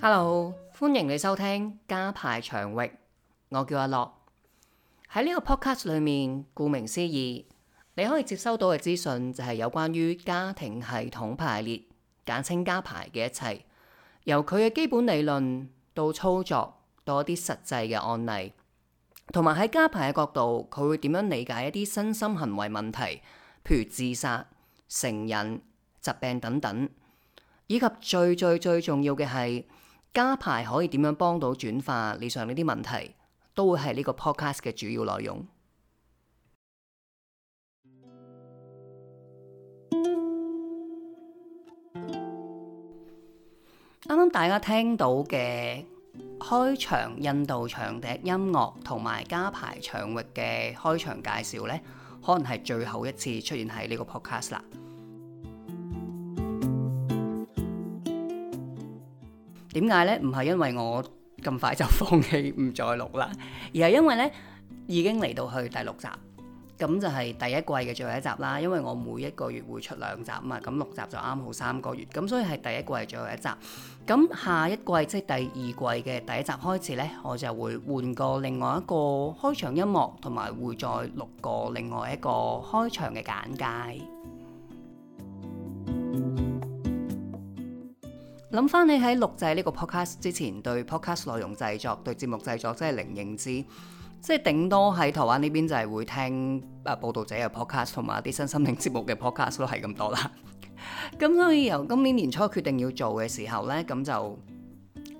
hello，歡迎你收聽家排場域。我叫阿樂，喺呢個 podcast 裏面，顧名思義，你可以接收到嘅資訊就係有關於家庭系統排列，簡稱家排嘅一切，由佢嘅基本理論到操作，到一啲實際嘅案例，同埋喺家排嘅角度，佢會點樣理解一啲身心行為問題，譬如自殺、成癮、疾病等等，以及最最最重要嘅係，家排可以點樣幫到轉化？以上呢啲問題都會係呢個 podcast 嘅主要內容。啱啱大家聽到嘅開場印度長笛音樂同埋家排場域嘅開場介紹呢，可能係最後一次出現喺呢個 podcast 啦。點解咧？唔係因為我咁快就放棄唔再錄啦，而係因為咧已經嚟到去第六集，咁就係第一季嘅最後一集啦。因為我每一個月會出兩集嘛，咁六集就啱好三個月，咁所以係第一季最後一集。咁下一季即係第二季嘅第一集開始咧，我就會換過另外一個開場音樂，同埋會再錄過另外一個開場嘅簡介。諗翻你喺錄製呢個 podcast 之前，對 podcast 內容製作、對節目製作，真係零認知，即係頂多喺台灣呢邊就係會聽啊報道者嘅 podcast，同埋啲新心靈節目嘅 podcast 都係咁多啦。咁 所以由今年年初決定要做嘅時候呢，咁就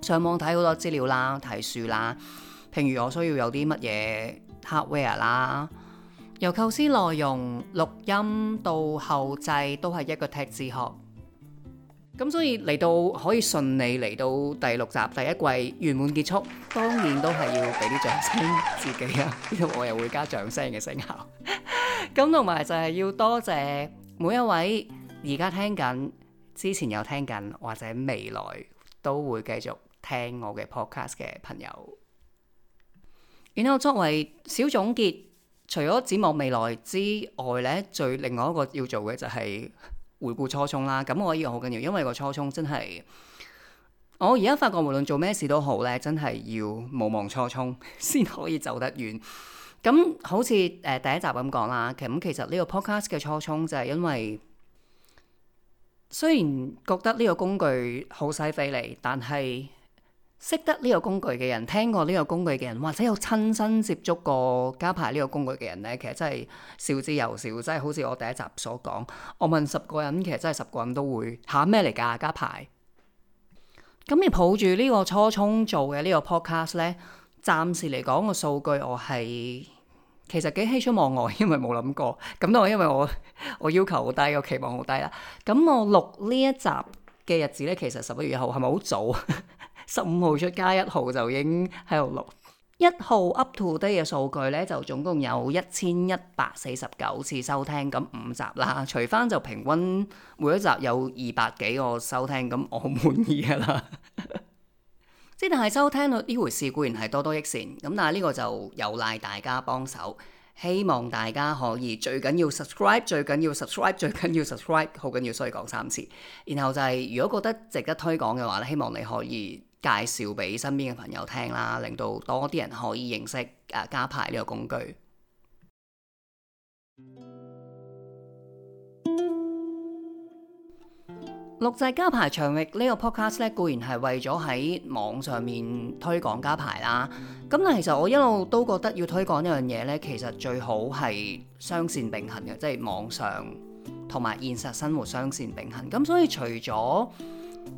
上網睇好多資料啦，睇書啦。譬如我需要有啲乜嘢 hardware 啦，由構思內容、錄音到後製，都係一個 tech 自學。咁所以嚟到可以順利嚟到第六集，第一季完滿結束，當然都係要俾啲掌聲自己啊！因為我又會加掌聲嘅聲效。咁同埋就係要多謝每一位而家聽緊、之前有聽緊或者未來都會繼續聽我嘅 podcast 嘅朋友。然後作為小總結，除咗展望未來之外咧，最另外一個要做嘅就係、是。回顧初衷啦，咁我依個好緊要，因為個初衷真係我而家發覺無論做咩事都好咧，真係要無忘初衷先可以走得遠。咁好似誒，第一集咁講啦，咁其實呢個 podcast 嘅初衷就係因為雖然覺得呢個工具好使犀利，但係。識得呢個工具嘅人，聽過呢個工具嘅人，或者有親身接觸過家排呢個工具嘅人呢，其實真係少之又少。真係好似我第一集所講，我問十個人，其實真係十個人都會吓咩嚟？噶、啊、家排咁？你抱住呢個初衷做嘅呢個 Podcast 呢，暫時嚟講個數據我係其實幾喜出望外，因為冇諗過咁多，因為我我要求好低，我期望好低啦。咁我錄呢一集嘅日子呢，其實十一月一號係咪好早 十五號出街，一號就已經喺度錄。一號 up to date 嘅數據咧，就總共有一千一百四十九次收聽，咁五集啦。除翻就平均每一集有二百幾個收聽，咁我好滿意噶啦。即 係但係收聽率呢回事固然係多多益善，咁但係呢個就有賴大家幫手。希望大家可以最緊要 subscribe，最緊要 subscribe，最緊要 subscribe，好緊要，所以講三次。然後就係、是、如果覺得值得推廣嘅話咧，希望你可以。介紹俾身邊嘅朋友聽啦，令到多啲人可以認識誒、啊、家排呢個工具。錄製 家排場域個呢個 Podcast 咧，固然係為咗喺網上面推廣家排啦。咁咧，其實我一路都覺得要推廣一樣嘢呢，其實最好係雙線並行嘅，即、就、係、是、網上同埋現實生活雙線並行。咁所以除咗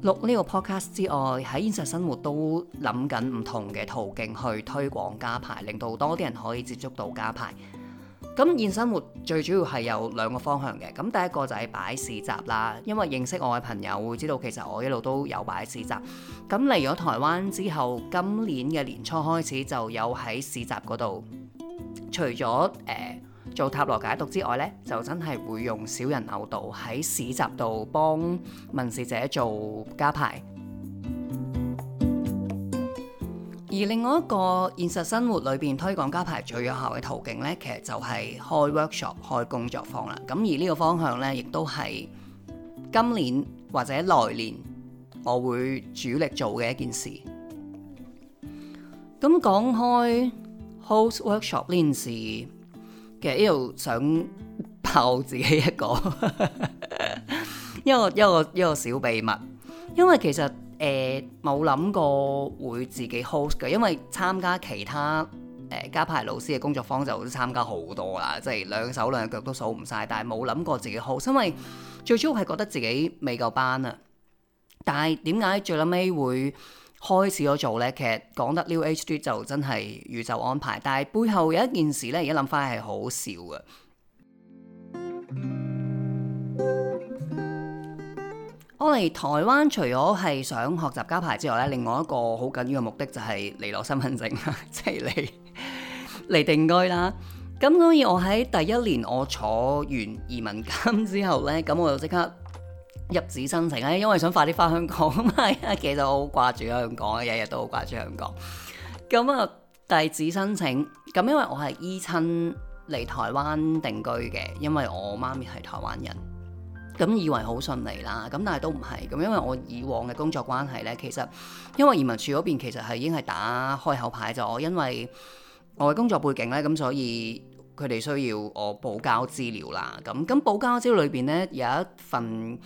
錄呢個 podcast 之外，喺現實生活都諗緊唔同嘅途徑去推廣家排，令到多啲人可以接觸到家排。咁現生活最主要係有兩個方向嘅，咁第一個就係擺市集啦。因為認識我嘅朋友會知道，其實我一路都有擺市集。咁嚟咗台灣之後，今年嘅年初開始就有喺市集嗰度，除咗誒。呃做塔羅解讀之外咧，就真係會用小人偶道喺市集度幫問事者做家排。而另外一個現實生活裏邊推廣家排最有效嘅途徑咧，其實就係開 workshop、開工作坊啦。咁而呢個方向咧，亦都係今年或者來年我會主力做嘅一件事。咁講開 host workshop 呢件事。其實呢度想爆自己一個， 一個，一個一個一個小秘密，因為其實誒冇諗過會自己 host 嘅，因為參加其他誒、呃、家排老師嘅工作坊就參加好多啦，即係兩手兩腳都數唔晒。但係冇諗過自己 host，因為最主要係覺得自己未夠班啊。但係點解最後尾會？開始咗做咧，其實講得 L H D 就真係宇宙安排，但係背後有一件事呢，而家諗翻係好笑嘅。 我嚟台灣除咗係想學習交牌之外呢，另外一個好緊要嘅目的就係嚟攞身份證，即係嚟嚟定居啦。咁所以我喺第一年我坐完移民監之後呢，咁我就即刻。入紙申請咧，因為想快啲翻香港啊嘛。 其實我好掛住香港啊，日日都好掛住香港。咁啊，遞紙申請。咁因為我係依親嚟台灣定居嘅，因為我媽咪係台灣人。咁以為好順利啦，咁但係都唔係。咁因為我以往嘅工作關係呢，其實因為移民署嗰邊其實係已經係打開口牌咗，因為我嘅工作背景呢，咁所以。佢哋需要我補交資料啦，咁咁補交資料裏邊呢，有一份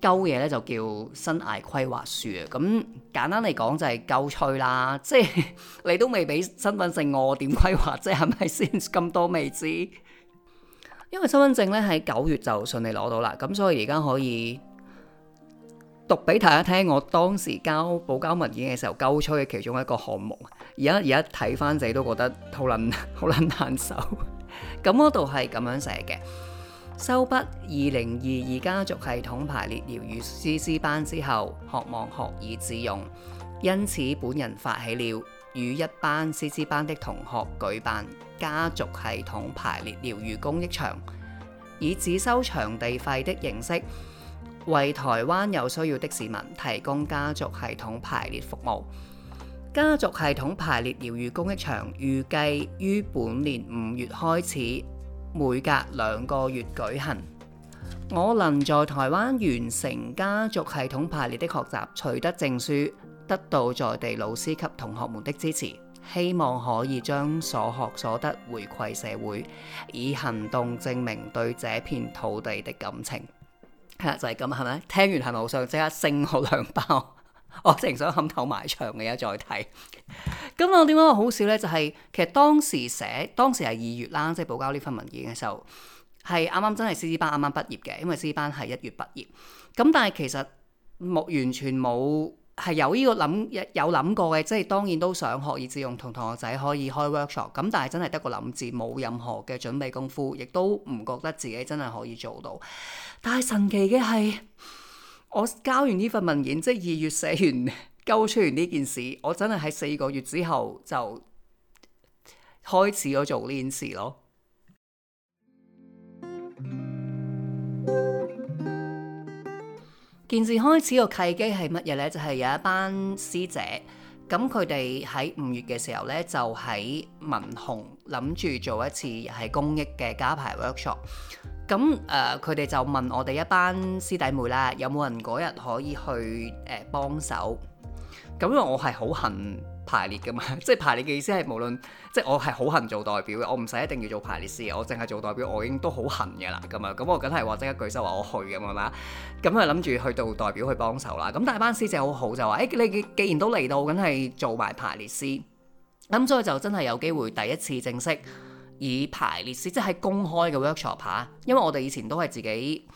鳩嘢呢，就叫生涯規劃書啊，咁簡單嚟講就係鳩吹啦，即係你都未俾身份證我，我點規劃？即係係咪先咁多未知？是是 因為身份證呢，喺九月就順利攞到啦，咁所以而家可以讀俾大家聽，我當時交補交文件嘅時候鳩吹嘅其中一個項目，而家而家睇翻自己都覺得好撚好撚難受。咁嗰度係咁樣寫嘅，修畢二零二二家族系統排列療癒師資班之後，渴望學以致用，因此本人發起了與一班師資班的同學舉辦家族系統排列療癒公益場，以只收場地費的形式，為台灣有需要的市民提供家族系統排列服務。家族系統排列療癒公益場預計於本年五月開始，每隔兩個月舉行。我能在台灣完成家族系統排列的學習，取得證書，得到在地老師及同學們的支持，希望可以將所學所得回饋社會，以行動證明對這片土地的感情。係、啊、就係、是、咁，係咪？聽完係咪好想即刻升好兩包？我直想冚頭埋牆嘅，一再睇。咁 我點解好笑呢？就係、是、其實當時寫，當時係二月啦，即、就、係、是、補交呢份文件嘅時候，係啱啱真係 C、G、班啱啱畢業嘅，因為 C、G、班係一月畢業。咁但係其實冇完全冇係有呢個諗，有諗過嘅，即、就、係、是、當然都想學以致用，同同學仔可以開 workshop。咁但係真係得個諗字，冇任何嘅準備功夫，亦都唔覺得自己真係可以做到。但係神奇嘅係。我交完呢份文件，即係二月寫完交 出完呢件事，我真係喺四個月之後就開始咗做呢件事咯。件事開始嘅契機係乜嘢呢？就係、是、有一班師姐，咁佢哋喺五月嘅時候呢，就喺文雄諗住做一次係公益嘅家排 workshop。咁誒，佢哋就問我哋一班師弟妹啦，有冇人嗰日可以去誒幫手？咁因為我係好恨排列噶嘛，即係排列嘅意思係無論即係我係好恨做代表嘅，我唔使一定要做排列師，我淨係做代表，我已經都好恨噶啦，咁啊，咁我梗係話即刻舉手話我去咁啊嘛。咁啊諗住去到代表去幫手啦。咁但班師姐好好就話：誒你既既然都嚟到，梗係做埋排列師。咁所以就真係有機會第一次正式。以排列詩，即係公開嘅 workshop 嚇、啊，因為我哋以前都係自己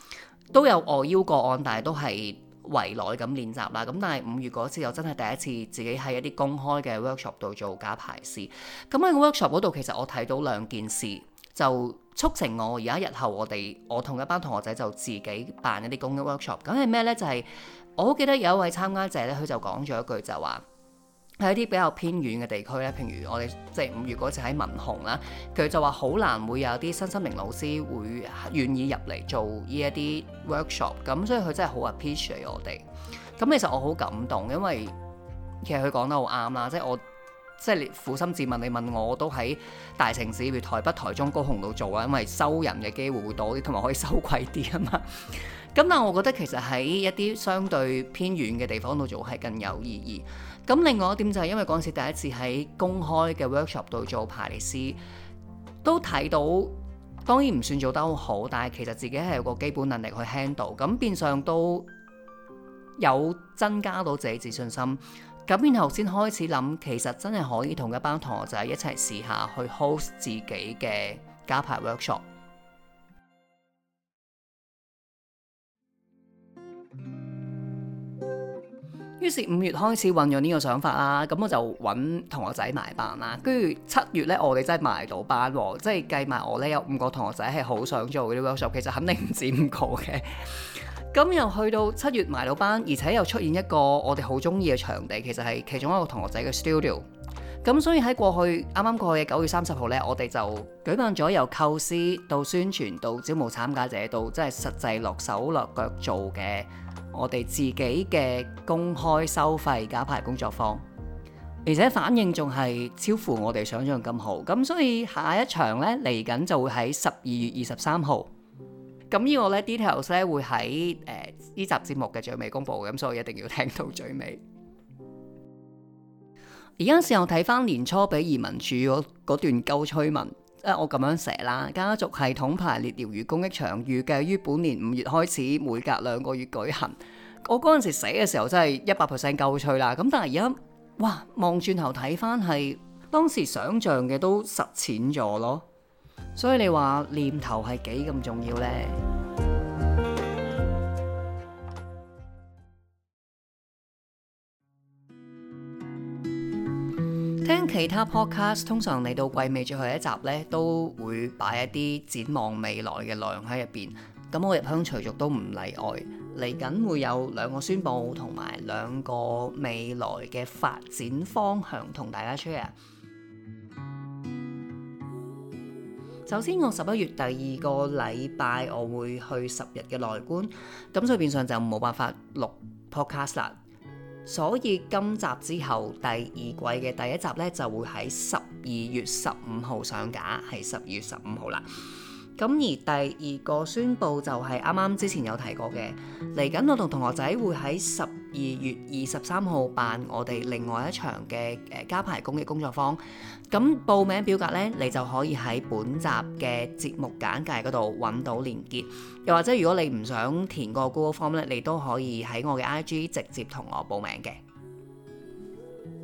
都有外邀個案，但係都係圍內咁練習啦。咁但係五月嗰次又真係第一次自己喺一啲公開嘅 workshop 度做假排詩。咁喺個 workshop 度，其實我睇到兩件事，就促成我而家日後我哋我同一班同學仔就自己辦一啲公益 workshop。咁係咩呢？就係、是、我好記得有一位參加者咧，佢就講咗一句就話。喺一啲比較偏遠嘅地區咧，譬如我哋即係五月嗰次喺文雄啦，佢就話好難會有啲身心靈老師會願意入嚟做呢一啲 workshop，咁所以佢真係好 appreciate 我哋。咁其實我好感動，因為其實佢講得好啱啦，即係我即係你苦心自問，你問我，我都喺大城市，譬如台北、台中、高雄度做啦，因為收人嘅機會會多啲，同埋可以收貴啲啊嘛。咁 但係我覺得其實喺一啲相對偏遠嘅地方度做係更有意義。咁另外一點就係因為嗰陣時第一次喺公開嘅 workshop 度做排列師，都睇到當然唔算做得好好，但係其實自己係有個基本能力去 handle，咁變相都有增加到自己自信心。咁然後先開始諗，其實真係可以同一班同學仔一齊試下去 host 自己嘅家排 workshop。於是五月開始運用呢個想法啦，咁我就揾同學仔埋班啦。跟住七月呢，我哋真係埋到班喎，即係計埋我呢，有五個同學仔係好想做啲 workshop，其實肯定唔止五個嘅。咁 又去到七月埋到班，而且又出現一個我哋好中意嘅場地，其實係其中一個同學仔嘅 studio。咁所以喺過去啱啱過去嘅九月三十號呢，我哋就舉辦咗由構思到宣傳到招募參加者到即係實際落手落腳做嘅，我哋自己嘅公開收費家排工作坊，而且反應仲係超乎我哋想象咁好咁，所以下一場呢，嚟緊就會喺十二月二十三號咁。呢個呢 details 呢會喺誒呢集節目嘅最尾公布咁，所以一定要聽到最尾。而家時候睇翻年初俾移民署嗰段鳩吹文。誒，我咁樣寫啦。家族系統排列療癒公益場預計於本年五月開始，每隔兩個月舉行。我嗰陣時寫嘅時候真係一百 percent 夠脆啦。咁但係而家哇，望轉頭睇返係當時想像嘅都實踐咗咯。所以你話念頭係幾咁重要呢？其他 podcast 通常嚟到季尾最後一集呢，都會擺一啲展望未來嘅內容喺入邊。咁我入鄉隨俗都唔例外，嚟緊會有兩個宣佈同埋兩個未來嘅發展方向同大家 share。首先，我十一月第二個禮拜，我會去十日嘅內觀，咁所以變相就冇辦法錄 podcast 啦。所以今集之後，第二季嘅第一集呢，就會喺十二月十五號上架，係十二月十五號啦。咁而第二個宣佈就係啱啱之前有提過嘅，嚟緊我同同學仔會喺十十二月二十三號辦我哋另外一場嘅誒家排公益工作坊，咁報名表格呢，你就可以喺本集嘅節目簡介嗰度揾到連結。又或者如果你唔想填個 Google Form 咧，你都可以喺我嘅 IG 直接同我報名嘅。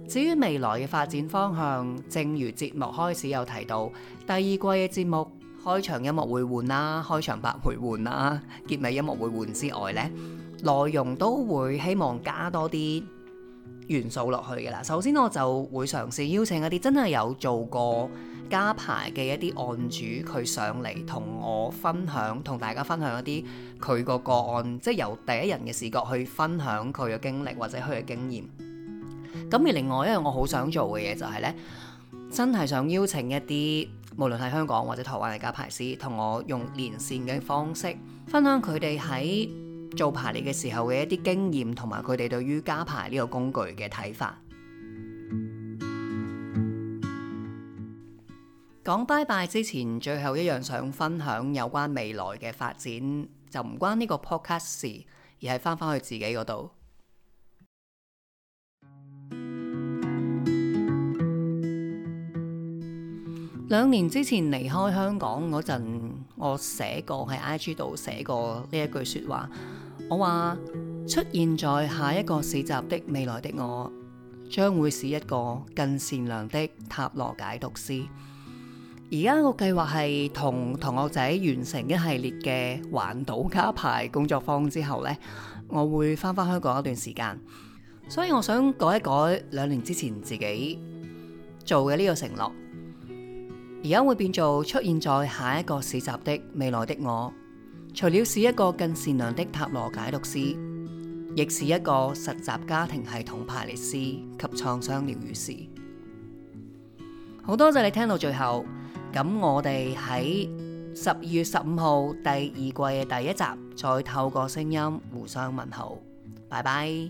至於未來嘅發展方向，正如節目開始有提到，第二季嘅節目開場音樂會換啦，開場白會換啦，結尾音樂會換之外呢。內容都會希望加多啲元素落去嘅啦。首先我就會嘗試邀請一啲真係有做過家排嘅一啲案主，佢上嚟同我分享，同大家分享一啲佢個個案，即係由第一人嘅視角去分享佢嘅經歷或者佢嘅經驗。咁而另外，一樣我好想做嘅嘢就係、是、呢，真係想邀請一啲無論係香港或者台灣嘅家排師，同我用連線嘅方式分享佢哋喺做排列嘅時候嘅一啲經驗，同埋佢哋對於家排呢個工具嘅睇法。講拜拜之前，最後一樣想分享有關未來嘅發展，就唔關呢個 Podcast 事，而係翻返去自己嗰度。 兩年之前離開香港嗰陣，我寫過喺 IG 度寫過呢一句説話，我話出現在下一個市集的未來的我，將會是一個更善良的塔羅解讀師。而家個計劃係同同學仔完成一系列嘅環島卡牌工作坊之後呢，我會翻返香港一段時間，所以我想改一改兩年之前自己做嘅呢個承諾。而家會變做出現在下一個市集的未來的我，除了是一個更善良的塔羅解讀師，亦是一個實習家庭系統排列師及創傷療癒師。好多謝你聽到最後，咁我哋喺十二月十五號第二季嘅第一集再透過聲音互相問候，拜拜。